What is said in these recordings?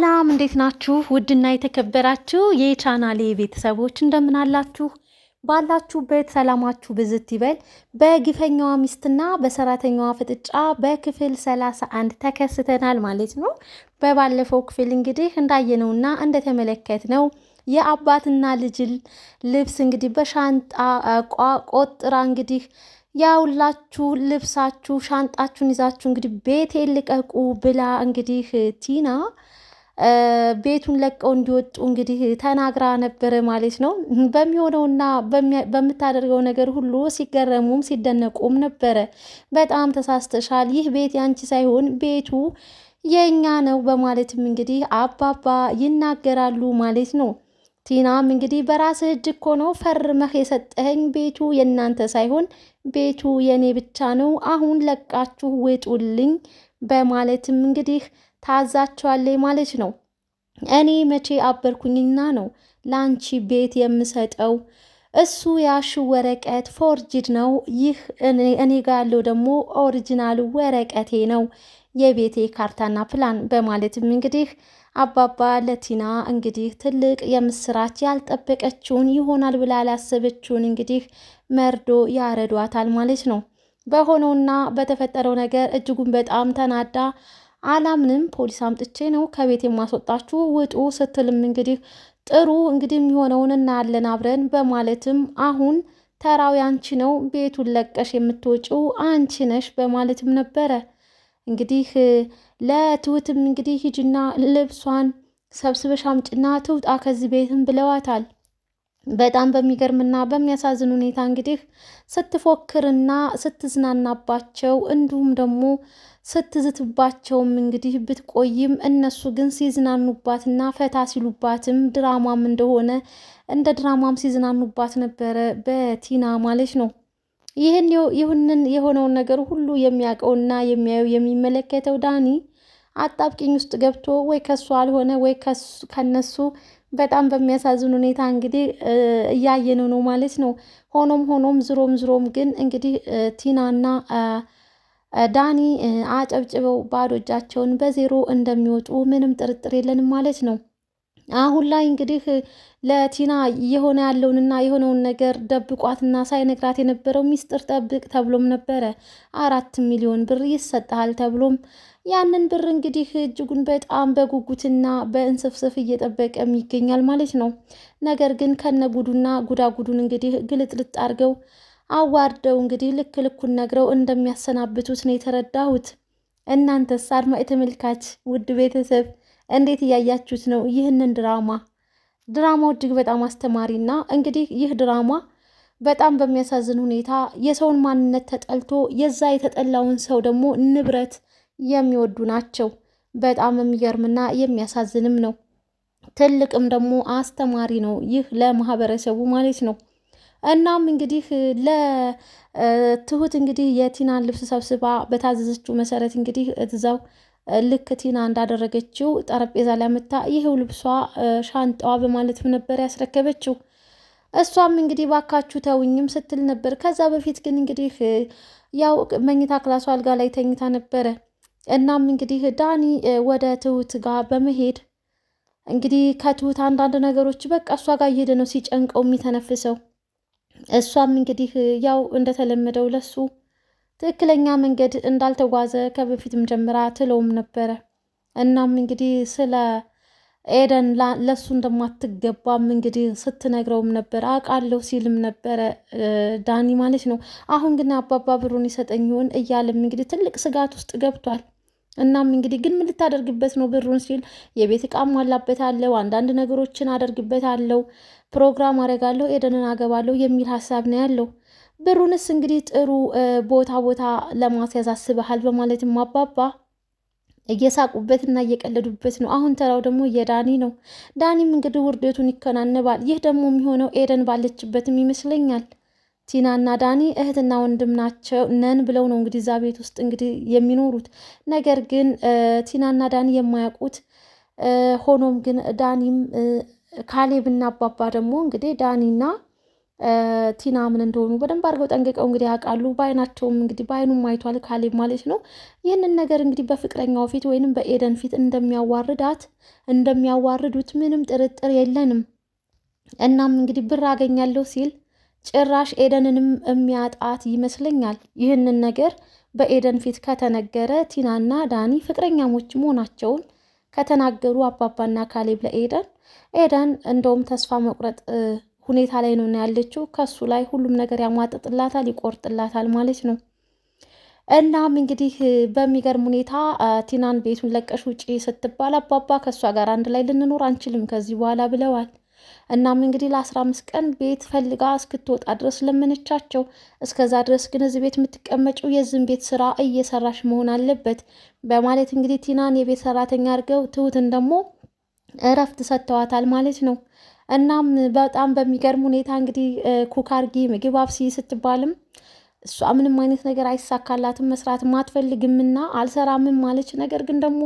ሰላም እንዴት ናችሁ? ውድና የተከበራችሁ የቻናሌ ቤተሰቦች እንደምን አላችሁ? ባላችሁበት ሰላማችሁ ብዝት ይበል። በግፈኛዋ ሚስትና በሰራተኛዋ ፍጥጫ በክፍል ሰላሳ አንድ ተከስተናል ማለት ነው። በባለፈው ክፍል እንግዲህ እንዳየነውና እንደተመለከትነው የአባትና ልጅ ልብስ እንግዲህ በሻንጣ ቆጥራ እንግዲህ ያውላችሁ ልብሳችሁ ሻንጣችሁን ይዛችሁ እንግዲህ ቤት ልቀቁ ብላ እንግዲህ ቲና ቤቱን ለቀው እንዲወጡ እንግዲህ ተናግራ ነበረ ማለት ነው። በሚሆነውና በምታደርገው ነገር ሁሉ ሲገረሙም ሲደነቁም ነበረ። በጣም ተሳስተሻል፣ ይህ ቤት ያንቺ ሳይሆን ቤቱ የእኛ ነው በማለትም እንግዲህ አባባ ይናገራሉ ማለት ነው። ቲናም እንግዲህ በራስህ እጅ እኮ ነው ፈርመህ የሰጠኸኝ፣ ቤቱ የእናንተ ሳይሆን ቤቱ የእኔ ብቻ ነው፣ አሁን ለቃችሁ ውጡልኝ በማለትም እንግዲህ ታዛቸዋለች ማለት ነው። እኔ መቼ አበርኩኝና ነው ለአንቺ ቤት የምሰጠው? እሱ ያሹ ወረቀት ፎርጅድ ነው። ይህ እኔ ጋ ያለው ደግሞ ኦሪጂናል ወረቀቴ ነው፣ የቤቴ ካርታና ፕላን በማለትም እንግዲህ አባባ ለቲና እንግዲህ ትልቅ የምስራች ያልጠበቀችውን ይሆናል ብላ ያላሰበችውን እንግዲህ መርዶ ያረዷታል ማለት ነው። በሆነውና በተፈጠረው ነገር እጅጉን በጣም ተናዳ አላምንም፣ ፖሊስ አምጥቼ ነው ከቤት የማስወጣችሁ ውጡ ስትልም እንግዲህ ጥሩ እንግዲህ የሚሆነውን እናያለን አብረን በማለትም አሁን ተራው ያንቺ ነው፣ ቤቱን ለቀሽ የምትወጪው አንቺ ነሽ በማለትም ነበረ እንግዲህ ለትሁትም እንግዲህ ሂጅና ልብሷን ሰብስበሽ አምጭና ትውጣ ከዚህ ቤትም ብለዋታል። በጣም በሚገርምና በሚያሳዝን ሁኔታ እንግዲህ ስትፎክርና ስትዝናናባቸው እንዲሁም ደግሞ ስትዝትባቸውም እንግዲህ ብትቆይም እነሱ ግን ሲዝናኑባትና ፈታ ሲሉባትም ድራማም እንደሆነ እንደ ድራማም ሲዝናኑባት ነበረ በቲና ማለት ነው። ይህን ይሁንን የሆነውን ነገር ሁሉ የሚያውቀውና የሚያየው የሚመለከተው ዳኒ አጣብቂኝ ውስጥ ገብቶ ወይ ከሱ አልሆነ ወይ ከነሱ በጣም በሚያሳዝን ሁኔታ እንግዲህ እያየነው ነው ማለት ነው። ሆኖም ሆኖም ዝሮም ዝሮም ግን እንግዲህ ቲናና ዳኒ አጨብጭበው ባዶ እጃቸውን በዜሮ እንደሚወጡ ምንም ጥርጥር የለንም ማለት ነው። አሁን ላይ እንግዲህ ለቲና የሆነ ያለውንና የሆነውን ነገር ደብቋትና ሳይነግራት የነበረው ሚስጥር ጠብቅ ተብሎም ነበረ። አራት ሚሊዮን ብር ይሰጠሃል ተብሎም ያንን ብር እንግዲህ እጅጉን በጣም በጉጉትና በእንስፍስፍ እየጠበቀም ይገኛል ማለት ነው። ነገር ግን ከነጉዱና ጉዳጉዱን እንግዲህ ግልጥልጥ አድርገው አዋርደው እንግዲህ ልክ ልኩን ነግረው እንደሚያሰናብቱት ነው የተረዳሁት። እናንተስ አድማጭ ተመልካች ውድ ቤተሰብ እንዴት እያያችሁት ነው ይህንን ድራማ? ድራማው እጅግ በጣም አስተማሪና እንግዲህ ይህ ድራማ በጣም በሚያሳዝን ሁኔታ የሰውን ማንነት ተጠልቶ የዛ የተጠላውን ሰው ደግሞ ንብረት የሚወዱ ናቸው። በጣም የሚገርምና የሚያሳዝንም ነው። ትልቅም ደግሞ አስተማሪ ነው ይህ ለማህበረሰቡ ማለት ነው። እናም እንግዲህ ለትሁት እንግዲህ የቲናን ልብስ ሰብስባ በታዘዘችው መሰረት እንግዲህ እዛው ልክ ቲና እንዳደረገችው ጠረጴዛ ላይ መታ ይሄው ልብሷ ሻንጣዋ በማለትም ነበር ያስረከበችው። እሷም እንግዲህ ባካችሁ ተውኝም ስትል ነበር። ከዛ በፊት ግን እንግዲህ ያው መኝታ ክላሷ አልጋ ላይ ተኝታ ነበረ። እናም እንግዲህ ዳኒ ወደ ትሁት ጋር በመሄድ እንግዲህ ከትሁት አንዳንድ ነገሮች በቃ እሷ ጋር እየሄደ ነው ሲጨንቀው የሚተነፍሰው እሷም እንግዲህ ያው እንደተለመደው ለሱ ትክክለኛ መንገድ እንዳልተጓዘ ከበፊትም ጀምራ ትለውም ነበረ። እናም እንግዲህ ስለ ኤደን ለሱ እንደማትገባም እንግዲህ ስትነግረውም ነበር አውቃለሁ ሲልም ነበረ ዳኒ ማለት ነው። አሁን ግን አባባ ብሩን ይሰጠኝ ይሆን እያለም እንግዲህ ትልቅ ስጋት ውስጥ ገብቷል። እናም እንግዲህ ግን ምን ልታደርግበት ነው ብሩን ሲል የቤት ሟላበት አለው፣ አንዳንድ ነገሮችን አደርግበት አለው ፕሮግራም አደርጋለሁ፣ ኤደንን አገባለሁ የሚል ሀሳብ ነው ያለው። ብሩንስ እንግዲህ ጥሩ ቦታ ቦታ ለማስያዝ አስበሃል በማለትም አባባ እየሳቁበትና እየቀለዱበት ነው። አሁን ተራው ደግሞ የዳኒ ነው። ዳኒም እንግዲህ ውርደቱን ይከናነባል። ይህ ደግሞ የሚሆነው ኤደን ባለችበትም ይመስለኛል። ቲናና ዳኒ እህትና ወንድም ናቸው ነን ብለው ነው እንግዲህ እዛ ቤት ውስጥ እንግዲህ የሚኖሩት። ነገር ግን ቲናና ዳኒ የማያውቁት ሆኖም ግን ዳኒም ካሌብና አባባ ደግሞ እንግዲህ ዳኒና ቲና ምን እንደሆኑ በደንብ አድርገው ጠንቅቀው እንግዲህ ያውቃሉ። በአይናቸውም እንግዲህ በአይኑም አይቷል ካሌብ ማለት ነው። ይህንን ነገር እንግዲህ በፍቅረኛው ፊት ወይንም በኤደን ፊት እንደሚያዋርዳት እንደሚያዋርዱት ምንም ጥርጥር የለንም። እናም እንግዲህ ብር አገኛለሁ ሲል ጭራሽ ኤደንንም የሚያጣት ይመስለኛል። ይህንን ነገር በኤደን ፊት ከተነገረ ቲናና ዳኒ ፍቅረኛሞች መሆናቸውን ከተናገሩ አባባና ካሌብ ለኤደን ኤደን እንደውም ተስፋ መቁረጥ ሁኔታ ላይ ነው ያለችው። ከሱ ላይ ሁሉም ነገር ያሟጥጥላታል፣ ይቆርጥላታል ማለት ነው። እናም እንግዲህ በሚገርም ሁኔታ ቲናን ቤቱን ለቀሽ ውጪ ስትባል አባባ ከእሷ ጋር አንድ ላይ ልንኖር አንችልም ከዚህ በኋላ ብለዋል። እናም እንግዲህ ለአስራ አምስት ቀን ቤት ፈልጋ እስክትወጣ ድረስ ለመነቻቸው። እስከዛ ድረስ ግን እዚህ ቤት የምትቀመጭው የዝም ቤት ስራ እየሰራሽ መሆን አለበት በማለት እንግዲህ ቲናን የቤት ሰራተኛ አድርገው ትሁትን ደግሞ እረፍት ሰጥተዋታል ማለት ነው። እናም በጣም በሚገርም ሁኔታ እንግዲህ ኩካርጊ ምግብ አብሲ ስትባልም እሷ ምንም አይነት ነገር አይሳካላትም መስራትም አትፈልግምና አልሰራምም ማለች። ነገር ግን ደግሞ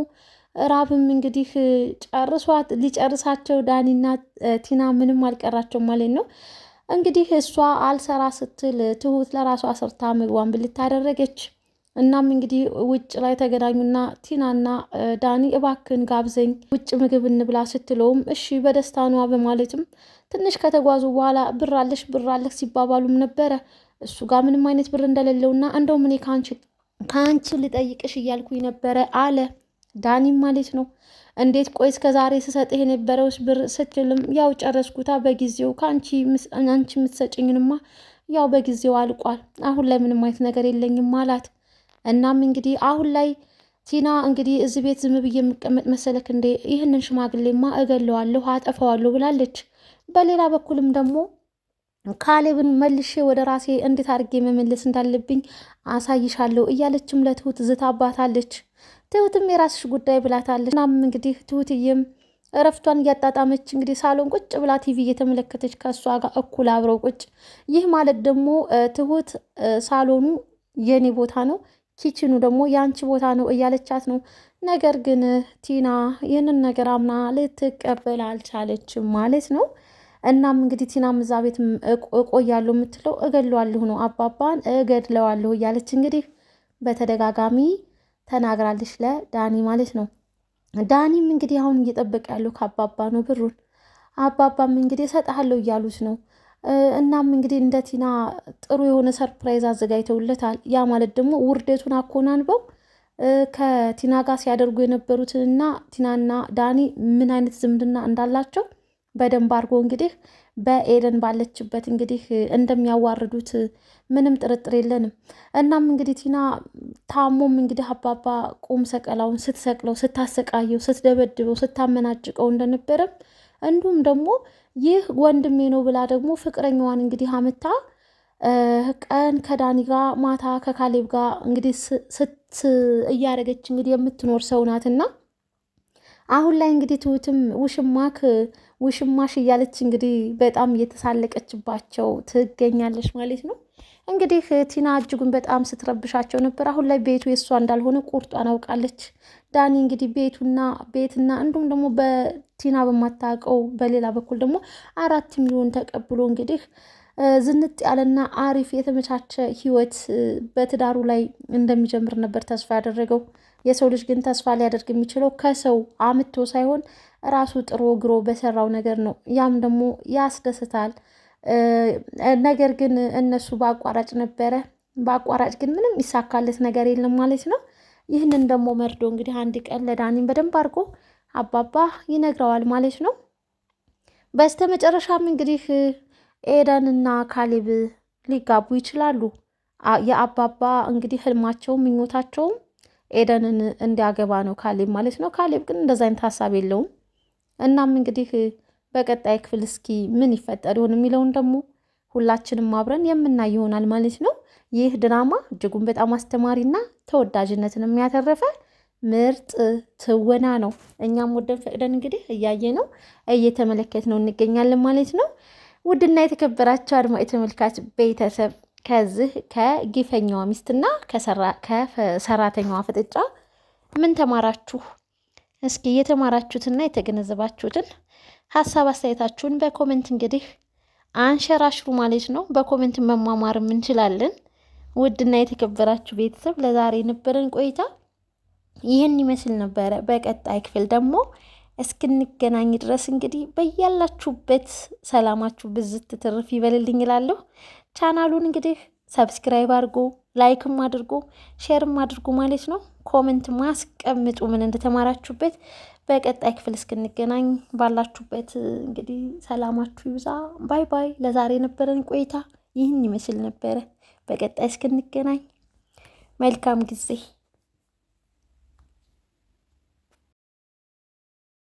ራብም እንግዲህ ጨርሷት ሊጨርሳቸው ዳኒና ቲና ምንም አልቀራቸው ማለት ነው። እንግዲህ እሷ አልሰራ ስትል ትሁት ለራሷ ሰርታ ምግቧን ብልት አደረገች። እናም እንግዲህ ውጭ ላይ ተገናኙና ቲናና ዳኒ እባክን ጋብዘኝ ውጭ ምግብ እንብላ ስትለውም እሺ በደስታ ነዋ በማለትም ትንሽ ከተጓዙ በኋላ ብራለሽ ብራለሽ ሲባባሉም ነበረ። እሱ ጋር ምንም አይነት ብር እንደሌለውና እንደውም እኔ ከአንቺ ልጠይቅሽ እያልኩኝ ነበረ አለ። ዳኒም ማለት ነው። እንዴት ቆይ እስከ ዛሬ ስሰጥህ የነበረውስ ብር ስትልም ያው ጨረስኩታ በጊዜው ከአንቺ አንቺ የምትሰጭኝንማ ያው በጊዜው አልቋል። አሁን ላይ ምንም አይነት ነገር የለኝም አላት። እናም እንግዲህ አሁን ላይ ቲና እንግዲህ እዚህ ቤት ዝም ብዬ የምቀመጥ መሰለክ እንዴ? ይህንን ሽማግሌማ እገለዋለሁ፣ አጠፋዋለሁ ብላለች። በሌላ በኩልም ደግሞ ካሌብን መልሼ ወደ ራሴ እንዴት አድርጌ መመለስ እንዳለብኝ አሳይሻለሁ እያለችም ለትሁት ዝታባታለች። ትሁትም የራስሽ ጉዳይ ብላታለች። እናም እንግዲህ ትሁትዬም እረፍቷን እያጣጣመች እንግዲህ ሳሎን ቁጭ ብላ ቲቪ እየተመለከተች ከእሷ ጋር እኩል አብረው ቁጭ። ይህ ማለት ደግሞ ትሁት ሳሎኑ የኔ ቦታ ነው፣ ኪችኑ ደግሞ የአንቺ ቦታ ነው እያለቻት ነው። ነገር ግን ቲና ይህንን ነገር አምና ልትቀበል አልቻለችም ማለት ነው። እናም እንግዲህ ቲናም እዛ ቤት እቆያለሁ የምትለው እገለዋለሁ ነው፣ አባባን እገድለዋለሁ እያለች እንግዲህ በተደጋጋሚ ተናግራለች ለዳኒ ማለት ነው። ዳኒም እንግዲህ አሁን እየጠበቀ ያለው ከአባባ ነው ብሩን። አባባም እንግዲህ እሰጥሃለሁ እያሉት ነው። እናም እንግዲህ እንደ ቲና ጥሩ የሆነ ሰርፕራይዝ አዘጋጅተውለታል። ያ ማለት ደግሞ ውርደቱን አኮናንበው ከቲና ጋር ሲያደርጉ የነበሩትንና ቲናና ዳኒ ምን አይነት ዝምድና እንዳላቸው በደንብ አድርጎ እንግዲህ በኤደን ባለችበት እንግዲህ እንደሚያዋርዱት ምንም ጥርጥር የለንም። እናም እንግዲህ ቲና ታሞም እንግዲህ አባባ ቁም ሰቀላውን ስትሰቅለው፣ ስታሰቃየው፣ ስትደበድበው፣ ስታመናጭቀው እንደነበረም እንዲሁም ደግሞ ይህ ወንድሜ ነው ብላ ደግሞ ፍቅረኛዋን እንግዲህ አምታ ቀን ከዳኒ ጋር ማታ ከካሌብ ጋር እንግዲህ ስት እያደረገች እንግዲህ የምትኖር ሰው ናትና አሁን ላይ እንግዲህ ትሁትም ውሽማክ ውሽማሽ እያለች እንግዲህ በጣም እየተሳለቀችባቸው ትገኛለች ማለት ነው። እንግዲህ ቲና እጅጉን በጣም ስትረብሻቸው ነበር። አሁን ላይ ቤቱ የእሷ እንዳልሆነ ቁርጧን አውቃለች። ዳኒ እንግዲህ ቤቱና ቤትና እንዲሁም ደግሞ በቲና በማታውቀው በሌላ በኩል ደግሞ አራት ሚሊዮን ተቀብሎ እንግዲህ ዝንጥ ያለና አሪፍ የተመቻቸ ህይወት በትዳሩ ላይ እንደሚጀምር ነበር ተስፋ ያደረገው። የሰው ልጅ ግን ተስፋ ሊያደርግ የሚችለው ከሰው አምቶ ሳይሆን ራሱ ጥሮ ግሮ በሰራው ነገር ነው። ያም ደግሞ ያስደስታል። ነገር ግን እነሱ በአቋራጭ ነበረ። በአቋራጭ ግን ምንም ይሳካለት ነገር የለም ማለት ነው። ይህንን ደግሞ መርዶ እንግዲህ አንድ ቀን ለዳኒም በደንብ አድርጎ አባባ ይነግረዋል ማለት ነው። በስተ መጨረሻም እንግዲህ ኤደን እና ካሌብ ሊጋቡ ይችላሉ። የአባባ እንግዲህ ህልማቸውም ምኞታቸውም ኤደንን እንዲያገባ ነው ካሌብ ማለት ነው። ካሌብ ግን እንደዛ አይነት ሀሳብ የለውም። እናም እንግዲህ በቀጣይ ክፍል እስኪ ምን ይፈጠር ይሆን የሚለውን ደግሞ ሁላችንም አብረን የምናይ ይሆናል ማለት ነው። ይህ ድራማ እጅጉን በጣም አስተማሪና ተወዳጅነትን የሚያተረፈ ምርጥ ትወና ነው። እኛም ወደን ፈቅደን እንግዲህ እያየ ነው እየተመለከት ነው እንገኛለን ማለት ነው። ውድና የተከበራቸው አድማጭ ተመልካች ቤተሰብ ከዚህ ከግፈኛዋ ሚስትና ከሰራተኛዋ ፍጥጫ ምን ተማራችሁ? እስኪ የተማራችሁትና የተገነዘባችሁትን ሀሳብ አስተያየታችሁን በኮሜንት እንግዲህ አንሸራሽሩ ማለት ነው። በኮሜንት መማማርም እንችላለን። ውድና የተከበራችሁ ቤተሰብ ለዛሬ የነበረን ቆይታ ይህን ይመስል ነበረ። በቀጣይ ክፍል ደግሞ እስክንገናኝ ድረስ እንግዲህ በያላችሁበት ሰላማችሁ ብዝት ትርፍ ይበልልኝ እላለሁ። ቻናሉን እንግዲህ ሰብስክራይብ አድርጎ ላይክም አድርጎ ሼርም አድርጎ ማለት ነው። ኮመንት ማስቀምጡ ምን እንደተማራችሁበት። በቀጣይ ክፍል እስክንገናኝ ባላችሁበት እንግዲህ ሰላማችሁ ይብዛ። ባይ ባይ። ለዛሬ የነበረን ቆይታ ይህን ይመስል ነበረ። በቀጣይ እስክንገናኝ መልካም ጊዜ